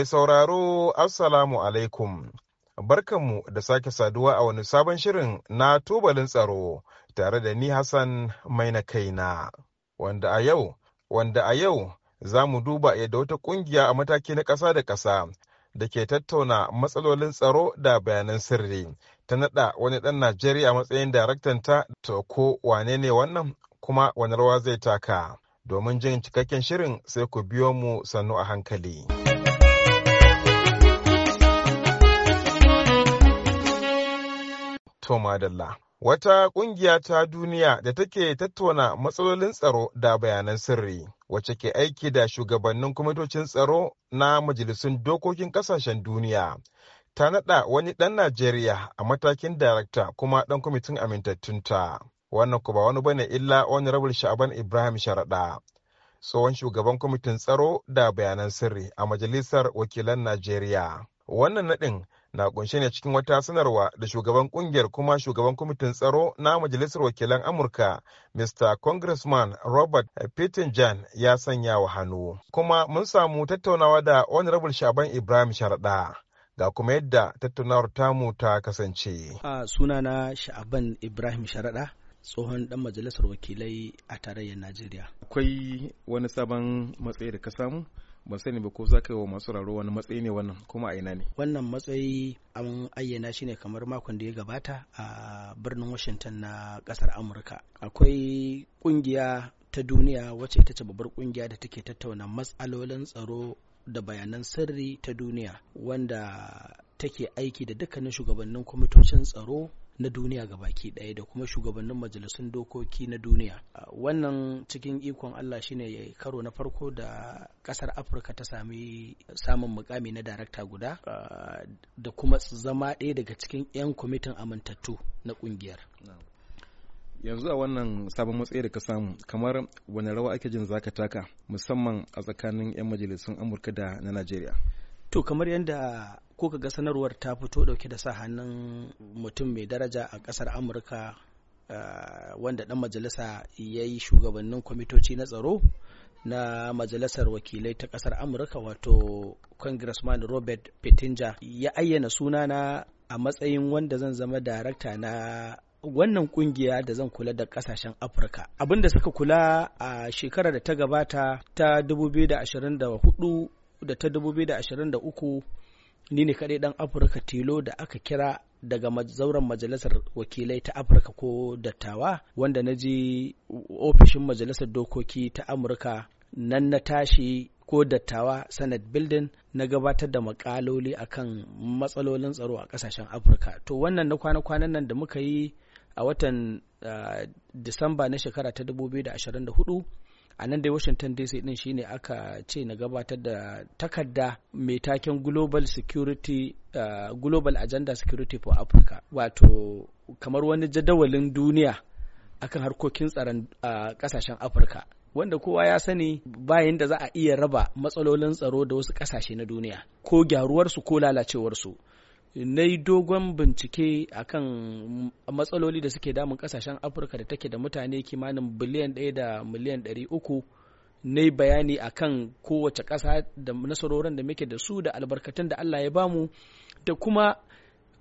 Mai sauraro Assalamu alaikum. Barkanmu da sake saduwa a wani sabon shirin na tubalin tsaro tare da ni Hassan mai na kaina. Wanda a yau, wanda a yau za mu duba yadda wata kungiya a mataki na ƙasa da ƙasa da ke tattauna matsalolin tsaro da bayanan sirri ta naɗa wani ɗan Najeriya matsayin daraktanta to ko wane ne wannan kuma wani rawa zai taka. Domin jin cikakken shirin sai ku biyo mu sannu a hankali. To madalla. Wata ƙungiya ta duniya da take tattauna matsalolin tsaro da bayanan sirri, wacce ke aiki da shugabannin kwamitocin tsaro na majalisun dokokin ƙasashen duniya, ta naɗa wani ɗan Najeriya a matakin darakta kuma ɗan kwamitin amintattunta. Wannan ku ba wani bane illa wani rabul sha'aban Ibrahim Sharaɗa. tsohon shugaban kwamitin tsaro da bayanan sirri a majalisar wakilan Najeriya. Wannan naɗin na kunshe ne cikin wata sanarwa da shugaban kungiyar kuma shugaban kwamitin tsaro na majalisar wakilan amurka mr congressman robert pittenjan ya sanya wa hannu kuma mun samu tattaunawa da honorable shaban ibrahim sharaɗa ga kuma yadda tattaunawar tamu ta kasance a sunana sha'aban ibrahim sharaɗa tsohon dan majalisar wakilai a tarayyar najeriya akwai wani sabon matsayi da ka samu ban sani ba ko za ka yi wa masu raro wani matsayi ne wannan kuma a ina ne wannan matsayi an ayyana shi ne kamar makon da ya gabata a birnin washington na kasar amurka akwai kungiya ta duniya wacce ita ce babbar kungiya da take tattauna matsalolin tsaro da bayanan sirri ta duniya wanda take aiki da dukkanin shugabannin kwamitocin tsaro na duniya ga baki ɗaya da kuma shugabannin majalisun dokoki na duniya wannan cikin ikon allah shine karo na farko da ƙasar afirka ta sami samun mukami na darakta guda da kuma zama ɗaya daga cikin 'yan kwamitin amintattu na ƙungiyar yanzu a wannan sabon matsayi da ka samu kamar wani rawa ake jin zaka taka musamman a tsakanin 'yan majalisun amurka da na najeriya To kamar yadda kuka ga sanarwar ta fito dauke da sa hannun mutum mai daraja a kasar Amurka eh, wanda dan majalisa ya yi shugabannin kwamitoci na tsaro na majalisar wakilai ta kasar Amurka wato Congressman Robert Pittinger ya ayyana sunana a matsayin wanda zan zama darakta na wannan kungiya da zan kula da kasashen afirka da suka kula a shekarar da ta gabata ta 2024 da ta 2023 ni ne kaɗai ɗan afirka tilo da aka kira daga zauren majalisar wakilai ta afirka ko dattawa wanda na je ofishin majalisar dokoki ta amurka nan na tashi ko dattawa senate building na gabatar da makaloli akan matsalolin tsaro a kasashen afirka to wannan na kwana-kwanan nan da muka yi a watan ah, disamba na shekara ta 2024 a nan dai washington dc din shine aka ce na gabatar da takarda mai taken global security uh, global agenda security for africa wato kamar wani jadawalin duniya akan harkokin tsaron uh, kasashen afirka wanda kowa ya sani bayan da za a iya raba matsalolin tsaro da wasu kasashe na duniya ko gyaruwarsu ko lalacewarsu na yi dogon bincike a kan matsaloli da suke damun kasashen afirka da take da mutane kimanin biliyan ɗaya da miliyan ɗari uku na yi bayani kan kowace ƙasa da nasarorin da muke da su da albarkatun da allah ya bamu da kuma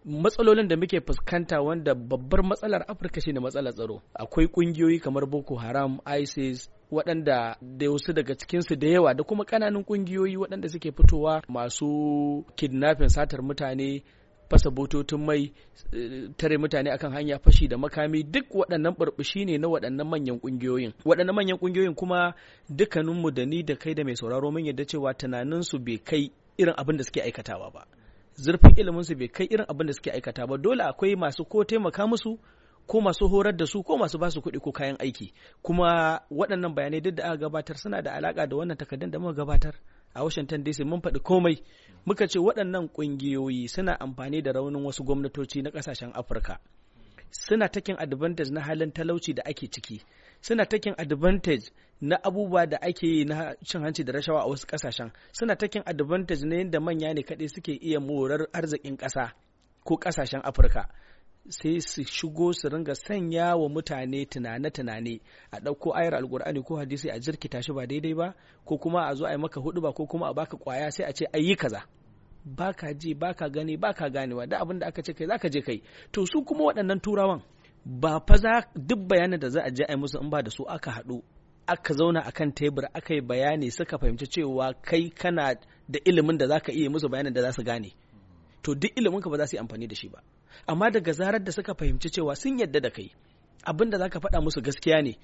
matsalolin da muke fuskanta wanda babbar matsalar afirka shine matsalar tsaro akwai kungiyoyi kamar boko haram isis waɗanda da wasu daga cikinsu da yawa da kuma ƙananan kungiyoyi waɗanda suke fitowa masu kidnapping satar mutane fasa bututun mai tare mutane akan hanya fashi da makami duk waɗannan burbushi ne na waɗannan manyan ƙungiyoyin waɗannan manyan ƙungiyoyin kuma dukkaninmu da ni da kai da mai sauraro mun yadda cewa tunaninsu bai kai irin abin da suke aikatawa ba zurfin iliminsu bai kai irin abin da suke aikata ba dole akwai masu ko taimaka musu ko masu horar da su ko masu basu kuɗi ko kayan aiki kuma waɗannan bayanai duk da aka gabatar suna da alaka da wannan takardun da muka gabatar a Washington DC mun faɗi komai muka ce waɗannan ƙungiyoyi suna amfani da raunin wasu gwamnatoci na ƙasashen Afirka suna takin advantage na halin talauci da ake ciki suna taking advantage na abubuwa da ake yi na cin hanci da rashawa a wasu kasashen suna taking advantage na yadda manya ne kaɗai suke iya morar arzikin ƙasa ko kasashen afirka sai su shigo su ringa sanya wa mutane tunane-tunane a ɗauko ayar alkur'ani ko hadisi a jirkita shi ba daidai ba ko kuma a zo a yi maka hudu ba ko kuma a baka kwaya sai a ce ayi kaza baka ji baka gani baka ganewa da abin da aka ce kai zaka je kai to su kuma waɗannan turawan ba fa za duk bayanin da za a je a musu in ba da su aka haɗu aka zauna a kan tebur aka yi bayani suka fahimci cewa kai kana da ilimin da za ka iya musu bayanin da za su gane to duk ilimin ka ba za su yi amfani da shi ba amma daga zarar da suka fahimci cewa sun yadda da kai abin da ka faɗa musu gaskiya ne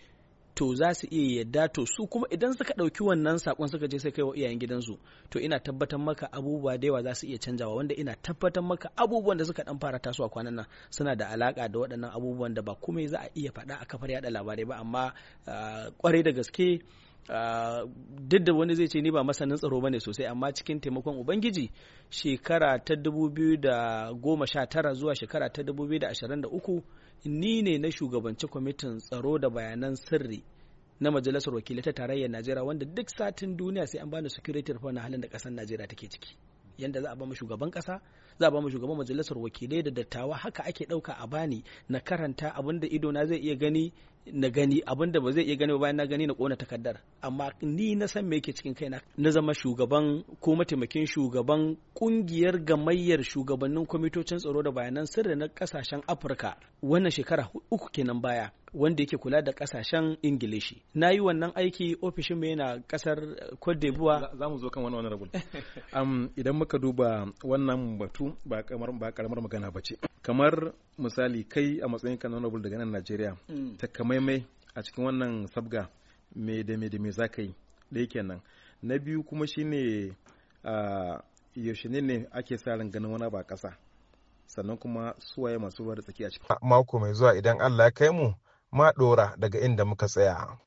to za su iya yadda to su kuma idan suka ɗauki wannan sakon suka je sai kai wa iyayen gidansu to ina tabbatar maka abubuwa da yawa za su iya canjawa wanda ina tabbatar maka abubuwan da suka dan fara tasowa kwanan nan suna da alaka da waɗannan abubuwan da ba komai za a iya faɗa a kafar yada labarai ba amma kwarai ah, da gaske ah, duk da wani zai ce ni ba masanin tsaro bane sosai amma cikin taimakon ubangiji shekara ta 2019 zuwa shekara ta 2023 ni ne na shugabanci kwamitin tsaro da bayanan sirri na majalisar wakilai ta tarayyar najeriya wanda duk satin duniya sai an bani security report na halin da kasar najeriya take ciki yadda za a ba mu shugaban kasa za a ba mu shugaban majalisar wakilai da dattawa haka ake ɗauka a bani na karanta abin da idona zai iya gani na gani abin da ba zai iya gani ba bayan na gani na kona takardar amma ni na san me yake cikin kaina na zama shugaban ko mataimakin shugaban kungiyar gamayyar shugabannin kwamitocin tsaro da bayanan sirri na kasashen afirka wannan shekara uku kenan baya wanda yake kula da kasashen ingilishi na yi wannan aiki ofishin mai na kasar eh, cote d'ivoire za mu zo kan wani rabu. idan muka duba wannan batu ba kamar ba karamar magana ba kamar misali kai a matsayin kan honorable daga nan najeriya hmm. ta kamaimai a cikin wannan sabga me da me da me za ka yi na biyu kuma shine yaushe ne ne ake sa ran ganin wani ba ƙasa sannan kuma suwaye masu ruwa da tsaki a cikin. Mako mai zuwa idan Allah ya kai mu ma ɗora daga inda muka tsaya.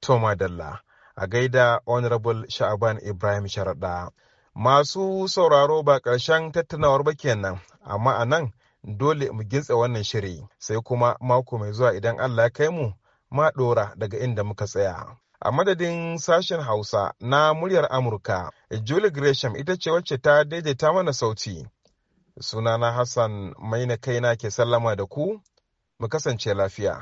Toma Dalla a gaida Honorable Sha'aban Ibrahim Sharaɗa. Masu sauraro ba ƙarshen tattunawar ba kenan, amma a nan dole mu gintsa wannan shiri sai kuma mako mai zuwa idan Allah ya kai mu ma ɗora daga inda muka tsaya. A madadin sashen Hausa na muryar Amurka, Julie Gresham ita ce wacce ta daidaita mana sauti. Sunana Hassan Maina Kaina ke sallama da ku, mu kasance lafiya.